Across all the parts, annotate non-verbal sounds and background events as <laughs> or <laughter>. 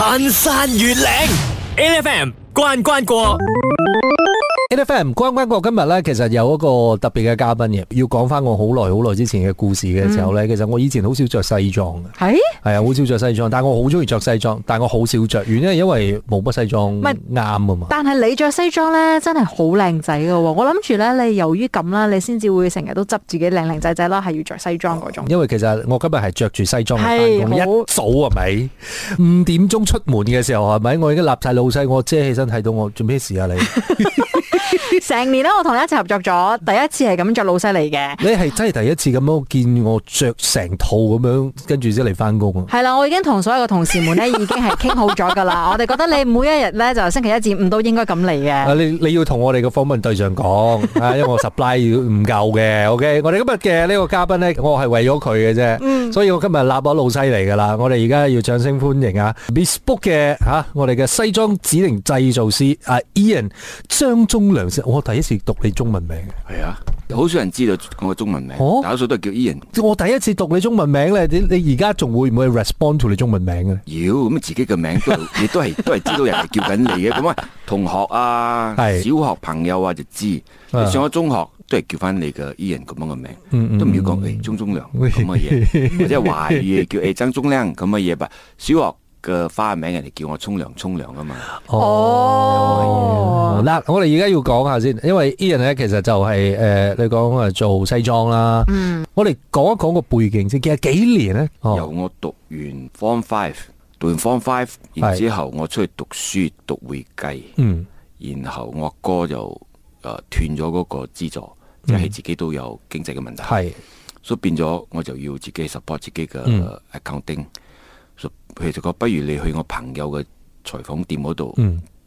翻山越嶺，8FM 關關過。Fam, 關關過我今日咧，其實有一個特別嘅嘉賓嘅，要講翻我好耐好耐之前嘅故事嘅時候咧，嗯、其實我以前好少着西裝嘅，係係啊，好少着西裝，但係我好中意着西裝，但係我好少着原因咧，因為冇乜西裝唔啱啊嘛。但係你着西裝咧，真係好靚仔噶，我諗住咧，你由於咁啦，你先至會成日都執自己靚靚仔仔啦，係要着西裝嗰種、哦。因為其實我今日係着住西裝嘅，我一早係咪五點鐘出門嘅時候係咪？我已經立晒老細，我遮起身睇到我做咩事啊你？ <laughs> 成年啦，我同你一齊合作咗，第一次係咁着老西嚟嘅。你係真係第一次咁樣見我着成套咁樣，跟住先嚟翻工。係啦，我已經同所有嘅同事們咧，已經係傾好咗噶啦。我哋覺得你每一日咧，就星期一至五都應該咁嚟嘅。你你要同我哋嘅訪問對象講啊，因為我 supply 要唔夠嘅。OK，我哋今日嘅呢個嘉賓咧，我係為咗佢嘅啫。嗯，所以我今日攞咗老西嚟噶啦。我哋而家要掌聲歡迎啊，Bespoke 嘅吓我哋嘅西裝指定製造師啊，Ian 張忠。宗亮生，我第一次讀你中文名，係啊，好少人知道我嘅中文名，大多數都叫 Ian。即我第一次讀你中文名咧，你而家仲會唔會 respond to 你中文名咧？妖咁、哦、自己嘅名都亦 <laughs> 都係都係知道人係叫緊你嘅咁啊，同學啊， <laughs> 小學朋友啊就知，的上咗中學都係叫翻你嘅 Ian 咁樣嘅名，都唔的、嗯嗯、要講誒宗宗亮咁嘅嘢， <laughs> 或者華語嘅叫誒張、哎、宗亮咁嘅嘢吧。小學。嘅花名，人哋叫我沖涼沖涼噶嘛？哦，嗱，我哋而家要講下先，因為 Ian 咧其實就係、是、誒、呃，你講我係做西裝啦。嗯，mm. 我哋講一講一個背景先。其實幾，幾年咧，oh. 由我讀完 Form Five，讀完 Form Five 然之後，我出去讀書、mm. 讀會計。嗯，然後我阿哥就誒斷咗嗰個資助，即係、mm. 自己都有經濟嘅問題。係、mm. 是，所以變咗我就要自己 support 自己嘅 accounting。其實講不如你去我朋友嘅裁縫店嗰度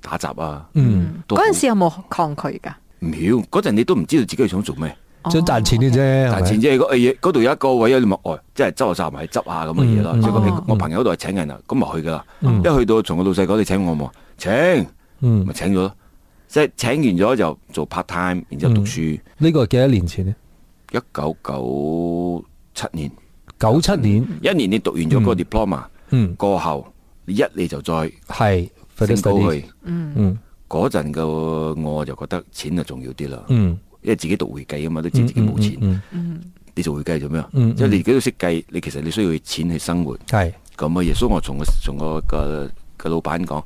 打雜啊！嗰陣時有冇抗拒噶？唔曉嗰陣你都唔知道自己想做咩，想賺錢嘅啫。賺錢即係嗰度有一個位有啲乜即係執下雜咪去執下咁嘅嘢咯。即係我朋友嗰度係請人啊，咁咪去噶。一去到從我老細講你請我冇，請咪請咗，即係請完咗就做 part time，然之後讀書。呢個係幾多年前咧？一九九七年，九七年，一年你讀完咗個 diploma。嗯，過後一你就再係升高去，嗰陣個我就覺得錢就重要啲啦，因為自己讀會計啊嘛，都知自己冇錢，你做會計做咩啊？即係你自己都識計，你其實你需要錢去生活，係咁啊，耶穌我從我從個個個老闆講，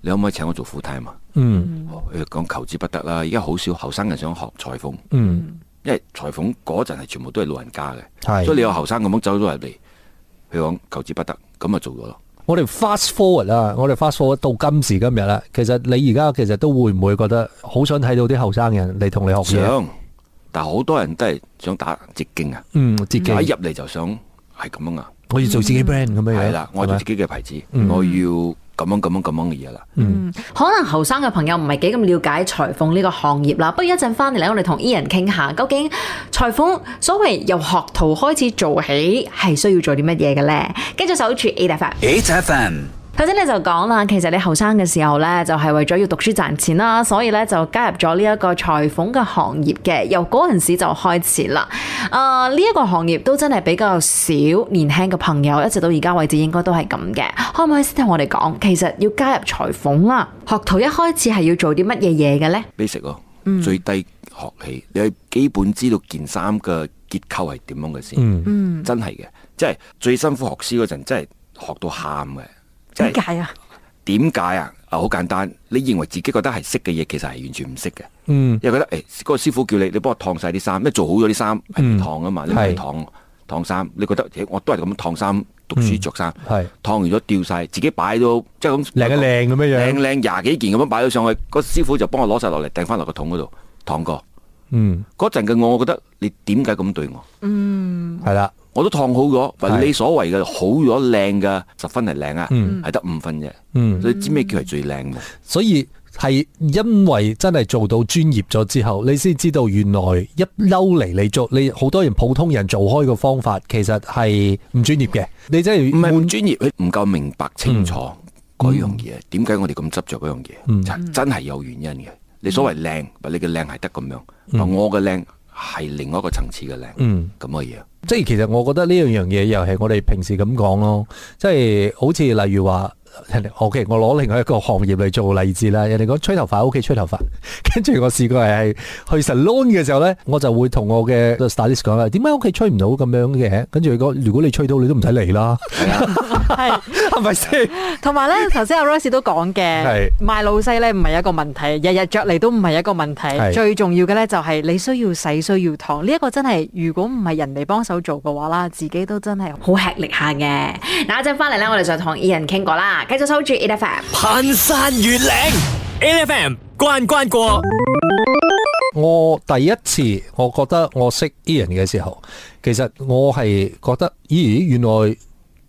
你可唔可以請我做副太啊？嘛，嗯，講求之不得啦。而家好少後生人想學裁縫，因為裁縫嗰陣係全部都係老人家嘅，所以你有後生咁樣走咗入嚟。佢講，求之不得，咁啊做咗咯。我哋 fast forward 啊，我哋 fast forward 到今時今日啦。其實你而家其實都會唔會覺得好想睇到啲後生人嚟，同你學嘢？想。但係好多人都係想打直徑啊。嗯，直徑一入嚟就想係咁樣啊。我要做自己 brand 咁樣了。係啦吧，我做自己嘅牌子，嗯、我要。咁樣咁樣咁樣嘅嘢啦，嗯，可能後生嘅朋友唔係幾咁了解裁縫呢個行業啦，不如一陣翻嚟咧，我哋同 Ian 傾下，究竟裁縫所謂由學徒開始做起係需要做啲乜嘢嘅咧？跟住守住 Eight FM。首先你就講啦，其實你後生嘅時候呢，就係為咗要讀書賺錢啦，所以呢，就加入咗呢一個裁縫嘅行業嘅，由嗰陣時就開始啦。誒、呃，呢、這、一個行業都真係比較少年輕嘅朋友，一直到而家為止應該都係咁嘅。可唔可以先同我哋講，其實要加入裁縫啦，學徒一開始係要做啲乜嘢嘢嘅呢？俾食咯，最低學起，你係基本知道件衫嘅結構係點樣嘅先，嗯、真係嘅，即係最辛苦學師嗰陣，真係學到喊嘅。點解啊？點解啊？啊，好簡單，你認為自己覺得係識嘅嘢，其實係完全唔識嘅。嗯，因為覺得誒，嗰、欸嗰個師傅叫你，你幫我燙晒啲衫，咩做好咗啲衫係唔燙啊嘛，嗯、是 你咪燙燙衫。你覺得我都係咁樣燙衫，讀書着衫，係燙、嗯、完咗掉晒，自己擺到，即係咁靚嘅靚咁樣樣，靚靚廿幾件咁樣擺咗上去，嗰個師傅就幫我攞晒落嚟，掟翻落個桶嗰度燙過。嗯，嗯，嗰陣嘅我，我覺得你點解咁對我？嗯， <laughs> 係啦。我都燙好咗，你所謂嘅好咗靚嘅十分係靚啊，係得五分啫。你知咩叫係最靚冇？所以係因為真係做到專業咗之後，你先知道原來一嬲嚟你做，你好多人普通人做開嘅方法其實係唔專業嘅。你真係唔係唔專業，你唔夠明白清楚嗰樣嘢。點解我哋咁執着嗰樣嘢？真真係有原因嘅。你所謂靚，你嘅靚係得咁樣，同我嘅靚。係另外一個層次嘅靚，嗯，咁嘅嘢，即係其實我覺得呢樣樣嘢又係我哋平時咁講咯，即係好似例如話。O.K. 我攞另外一個行業嚟做例子啦。人哋講吹頭髮，屋企吹頭髮。跟住我試過係去 salon 嘅時候咧，我就會同我嘅 stylist 講啦。點解屋企吹唔到咁樣嘅？跟住佢講，如果你吹到，你都唔使嚟啦。係咪先？同埋咧，頭先阿 Rose 都講嘅，是賣老細咧唔係一個問題，日日着嚟都唔係一個問題。是最重要嘅咧就係你需要洗，需要燙。呢、這、一個真係如果唔係人哋幫手做嘅話啦，自己都真係好吃力下嘅。嗱，一陣翻嚟咧，我哋就同 Ian 傾過啦。繼續收住 8FM，攀山越嶺，8FM 關關過。我第一次我覺得我識 IAN 嘅時候，其實我係覺得，咦，原來。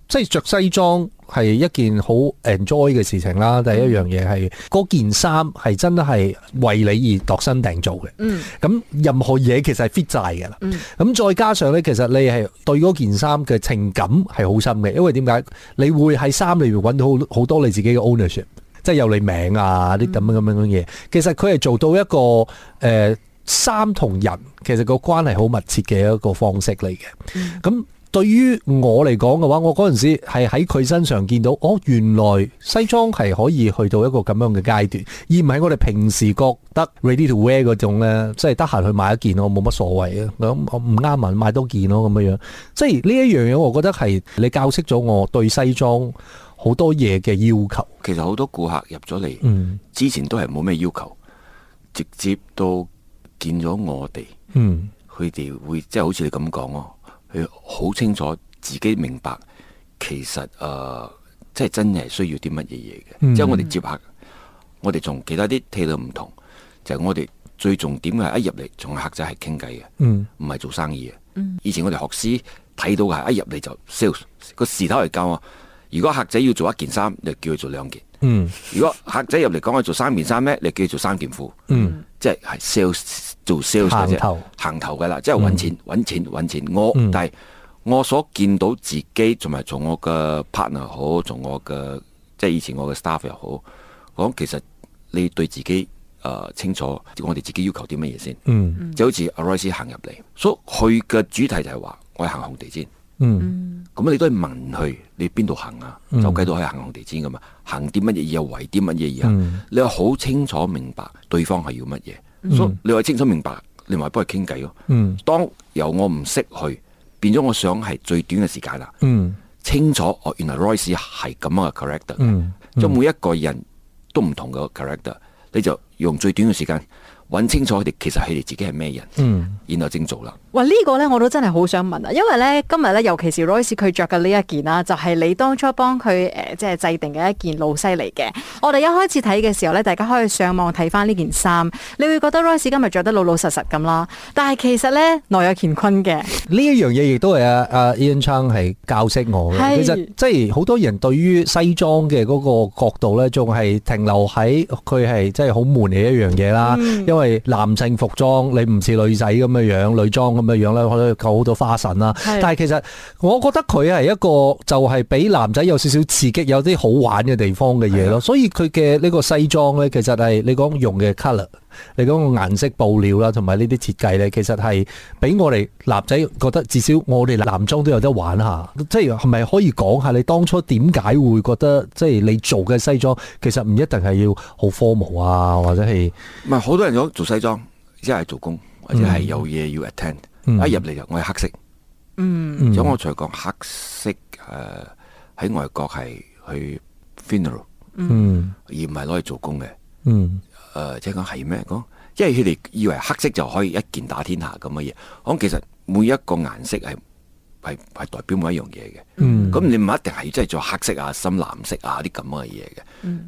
即係着西裝係一件好 enjoy 嘅事情啦，第一樣嘢係嗰件衫係、嗯、真係為你而度身訂做嘅。嗯，咁任何嘢其實係 fit 晒噶啦。嗯，咁再加上咧，其實你係對嗰件衫嘅情感係好深嘅，因為點解你會喺衫裏邊揾到好多你自己嘅 ownership，即係有你名啊啲咁樣咁樣嘅嘢。嗯、其實佢係做到一個誒衫、呃、同人其實個關係好密切嘅一個方式嚟嘅。咁、嗯嗯對於我嚟講嘅話，我嗰陣時係喺佢身上見到，哦，原來西裝係可以去到一個咁樣嘅階段，而唔係我哋平時覺得 ready to wear 嗰種咧，即係得閒去買一件咯，冇乜所謂啊。我唔啱文買多件咯咁樣樣。即係呢一樣嘢，我覺得係你教識咗我對西裝好多嘢嘅要求。其實好多顧客入咗嚟，嗯，之前都係冇咩要求，直接都見咗我哋，嗯，佢哋會即係好似你咁講咯。佢好清楚自己明白，其實誒，即、呃、係真係需要啲乜嘢嘢嘅。即係、嗯、我哋接客，我哋從其他啲態度唔同，就係、是、我哋最重點嘅係一入嚟，同客仔係傾偈嘅，唔係、嗯、做生意嘅。嗯、以前我哋學師睇到嘅係一入嚟就 sales 個時頭嚟教我：「如果客仔要做一件衫，你就叫佢做兩件。嗯、如果客仔入嚟講佢做三件衫咧，你就叫佢做三件褲。嗯，即係係 sales。」做銷售啫，行頭嘅啦，即係搵錢，搵、嗯、錢，搵錢。我、嗯、但係我所見到自己，同埋從我嘅 partner 好，從我嘅即係以前我嘅 staff 又好，講其實你對自己誒、呃、清楚，我哋自己要求啲乜嘢先。嗯、就好似 Aris 行入嚟，所以佢嘅主題就係話我係行紅地毯。咁、嗯、你都係問佢你邊度行啊？走街都可以到行紅地毯噶嘛？行啲乜嘢又為啲乜嘢嘢？嗯、你好清楚明白對方係要乜嘢。所 So,、嗯、你話清楚明白，你咪幫佢傾偈咯。嗯、當由我唔識去變咗，我想係最短嘅時間啦。嗯、清楚哦，原來 Royce 係咁樣嘅 character、嗯。即、嗯、每一個人都唔同嘅 character，你就用最短嘅時間搵清楚佢哋，其實佢哋自己係咩人，嗯、然後正做啦。話呢個咧，我都真係好想問啊，因為咧今日咧，尤其是 Royce 佢着嘅呢一件啦，就係、是、你當初幫佢誒、呃，即係制定嘅一件老西嚟嘅。我哋一開始睇嘅時候咧，大家可以上網睇翻呢件衫，你會覺得 Royce 今日着得老老實實咁啦。但係其實咧，內有乾坤嘅呢一樣嘢，亦都係啊阿、啊、Ian Chang 係教識我嘅。是其實即係好多人對於西裝嘅嗰個角度咧，仲係停留喺佢係即係好悶嘅一樣嘢啦。嗯、因為男性服裝你唔似女仔咁嘅樣，女裝。咁嘅樣咧，可以夠好多花臣啦。是的 但係其實我覺得佢係一個就係俾男仔有少少刺激，有啲好玩嘅地方嘅嘢咯。是的 所以佢嘅呢個西裝咧，其實係你講用嘅 color，的你講個顏色布料啦，同埋呢啲設計咧，其實係俾我哋男仔覺得至少我哋男裝都有得玩下。即係係咪可以講下你當初點解會覺得即係、就是、你做嘅西裝其實唔一定係要好 formal 啊，或者係唔係好多人想做西裝一係做工？或者係有嘢要 attend，嗯，一入嚟就我係黑色，嗯，咁我才講黑色誒喺外國係去 funeral，嗯，而唔係攞嚟做工嘅，嗯，誒即係講係咩講，因為佢哋以為黑色就可以一件打天下咁嘅嘢，咁其實每一個顏色係。係係代表每一樣嘢嘅，咁、嗯、你唔一定係真係做黑色啊、深藍色啊啲咁嘅嘢嘅，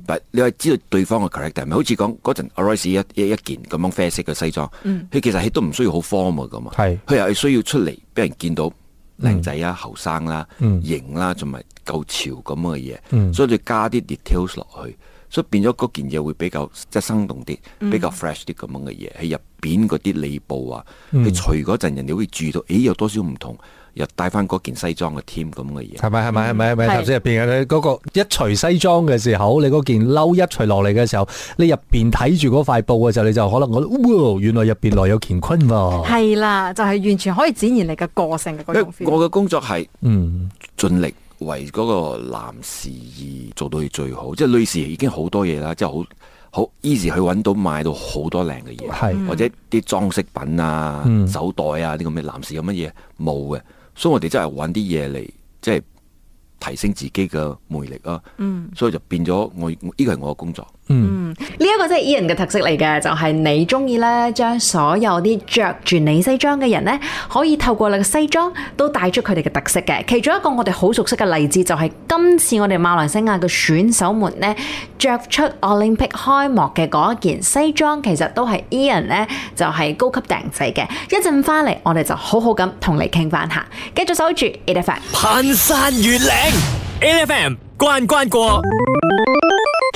但、嗯、你係知道對方嘅 character，唔好似講嗰陣 Arise 一一、一件咁樣啡色嘅西裝，佢、嗯、其實佢都唔需要好 form 噶嘛，佢是又係需要出嚟俾人見到靚仔啊、後生啦、啊嗯、型啦、啊，仲埋夠潮咁嘅嘢，嗯、所以你加啲 details 落去。所以變咗嗰件嘢會比較即係生動啲，比較 fresh 啲咁樣嘅嘢。喺入邊嗰啲裏布啊，你、嗯、除嗰陣人哋會注意到，誒、欸、有多少唔同？又帶翻嗰件西裝嘅 team 咁嘅嘢，係咪、嗯？係咪？係咪？係咪？頭先入邊啊，你嗰、那個一除西裝嘅時候，你嗰件褸一除落嚟嘅時候，你入邊睇住嗰塊布嘅時候，你就可能嘩，原來入邊內有乾坤喎、啊。係啦，就係、是、完全可以展現你嘅個性嘅嗰種 feel。我嘅工作係嗯盡力。嗯為嗰個男士而做到佢最好，即係女士已經好多嘢啦，即係好好 easy 去揾到買到好多靚嘅嘢，係，或者啲裝飾品啊、手袋啊呢個咩，男士咁嘅嘢冇嘅，所以我哋真係揾啲嘢嚟即係。即係提升自己嘅魅力啊！嗯、所以就變咗我呢個係我嘅工作。嗯，呢、這、一個真係 E 人嘅特色嚟嘅，就係、是、你中意咧將所有啲着住你西裝嘅人咧，可以透過你嘅西裝都帶出佢哋嘅特色嘅。其中一個我哋好熟悉嘅例子就係今次我哋馬來西亞嘅選手們咧，着出 Olympic 開幕嘅嗰一件西裝其實都係 E 人咧，就係、是、高級訂製嘅。一陣翻嚟，我哋就好好咁同你傾翻下，繼續守住 E F N。攀山越嶺。8FM 關關過，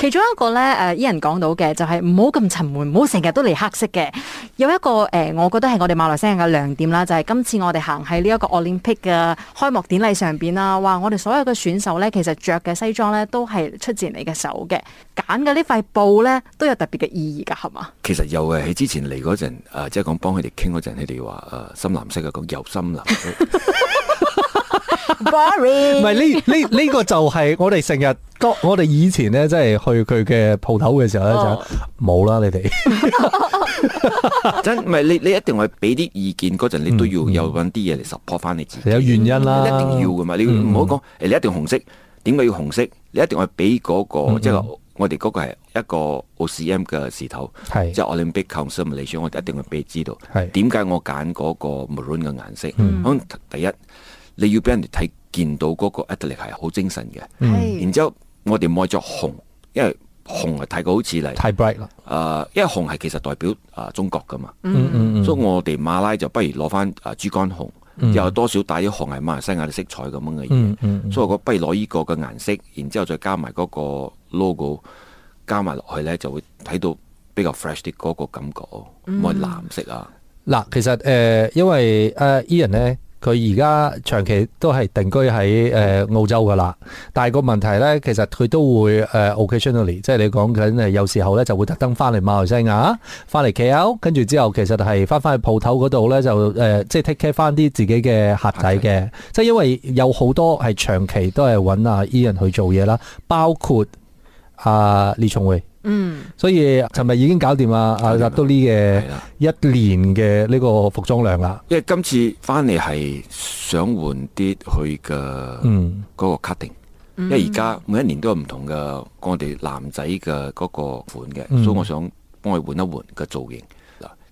其中一個咧誒，Ian 講到嘅就係唔好咁沉悶，唔好成日都嚟黑色嘅。有一個誒、呃，我覺得係我哋馬來西亞嘅亮點啦，就係、是、今次我哋行喺呢一個奧林匹克嘅開幕典禮上邊啦。話，我哋所有嘅選手咧，其實着嘅西裝咧都係出自你嘅手嘅，揀嘅呢塊布咧都有特別嘅意義噶，係嘛？其實又係喺之前嚟嗰陣誒，即係講幫佢哋傾嗰陣，佢哋話誒深藍色嘅講有深藍色。 <laughs> <laughs> 唔係呢，呢？呢個就係我哋成日，我哋以前咧，即係去佢嘅鋪頭嘅時候咧，就冇啦。你哋真唔係你，你一定係俾啲意見。嗰陣你都要有揾啲嘢嚟 support 翻你自己。有原因啦，一定要噶嘛。你唔好講，你一定紅色，點解要紅色？你一定係俾嗰個，即係我哋嗰個係一個 O C M 嘅字頭，即係奧林匹克公司嚟嘅，我一定會俾你知道，點解我揀嗰個 Maroon 嘅顏色。可能第一。你要俾人哋睇見到嗰個 a l e 力係好精神嘅，嗯、然之後我哋愛著紅，因為紅係睇過好似嚟，太 bright 啦。啊、呃，因為紅係其實代表啊中國噶嘛，嗯嗯嗯、所以我哋馬拉就不如攞翻啊豬肝紅，又、嗯、多少帶啲紅係馬來西亞嘅色彩咁嘅嘢，嗯嗯嗯、所以我不如攞依個嘅顏色，然之後再加埋嗰個 logo，加埋落去咧就會睇到比較 fresh 啲嗰個感覺，冇、嗯嗯、藍色啊。嗱，其實誒、呃，因為誒依人咧。佢而家長期都係定居喺誒、呃、澳洲噶啦，但係個問題咧，其實佢都會誒、呃、occasionally，即係你講緊係有時候咧就會特登翻嚟馬來西亞，翻嚟吉隆，跟住之後其實係翻返去鋪頭嗰度咧就誒、呃、即係 take care 翻啲自己嘅客仔嘅，即係的因為有好多係長期都係揾阿 i 人去做嘢啦，包括阿、呃、李松偉。嗯，所以尋日已經搞掂啦！入到呢嘅一年嘅呢個服裝量啦，因為今次翻嚟係想換啲佢嘅嗰個 cutting，嗯、因為而家每一年都有唔同嘅我哋男仔嘅嗰個款嘅，嗯、所以我想幫佢換一換個造型，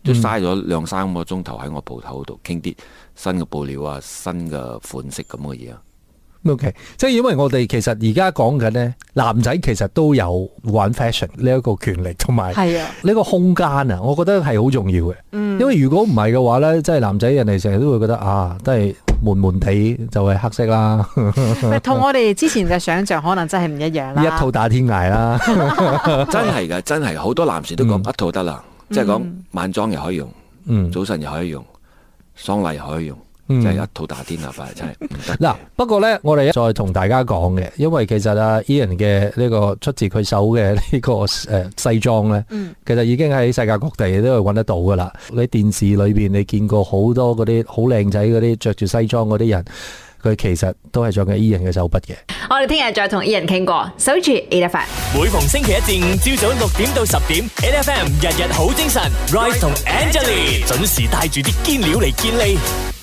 都嘥咗兩三個鐘頭喺我鋪頭度傾啲新嘅布料啊、新嘅款式咁嘅嘢啊。O.K. 即係因為我哋其實而家講緊呢，男仔其實都有玩 fashion 呢一個權利同埋呢個空間啊，我覺得係好重要嘅。嗯、因為如果唔係嘅話呢，即係男仔人哋成日都會覺得啊，都係悶悶地就係黑色啦。同 <laughs> 我哋之前嘅想象可能真係唔一樣啦。 <laughs> 一套打天涯啦， <laughs> <laughs> 真係噶，真係好多男士都講一套得啦，嗯、即係講晚裝又可以用，嗯、早晨又可以用，喪禮可以用。就、嗯、一套打天下，真係。嗱、 <laughs> 啊，不過咧，我哋一再同大家講嘅，因為其實啊，Ian 嘅呢個出自佢手嘅、這個呃、呢個誒西裝咧，嗯、其實已經喺世界各地都係揾得到噶啦。喺電視裏邊，你見過好多嗰啲好靚仔嗰啲着住西裝嗰啲人，佢其實都係着緊 Ian 嘅手筆嘅。我哋聽日再同 Ian 傾過，守住 8FM。每逢星期一至五朝早六點到十點，8FM 日日好精神，Rise Right .同 Angelina 準時帶住啲堅料嚟建立。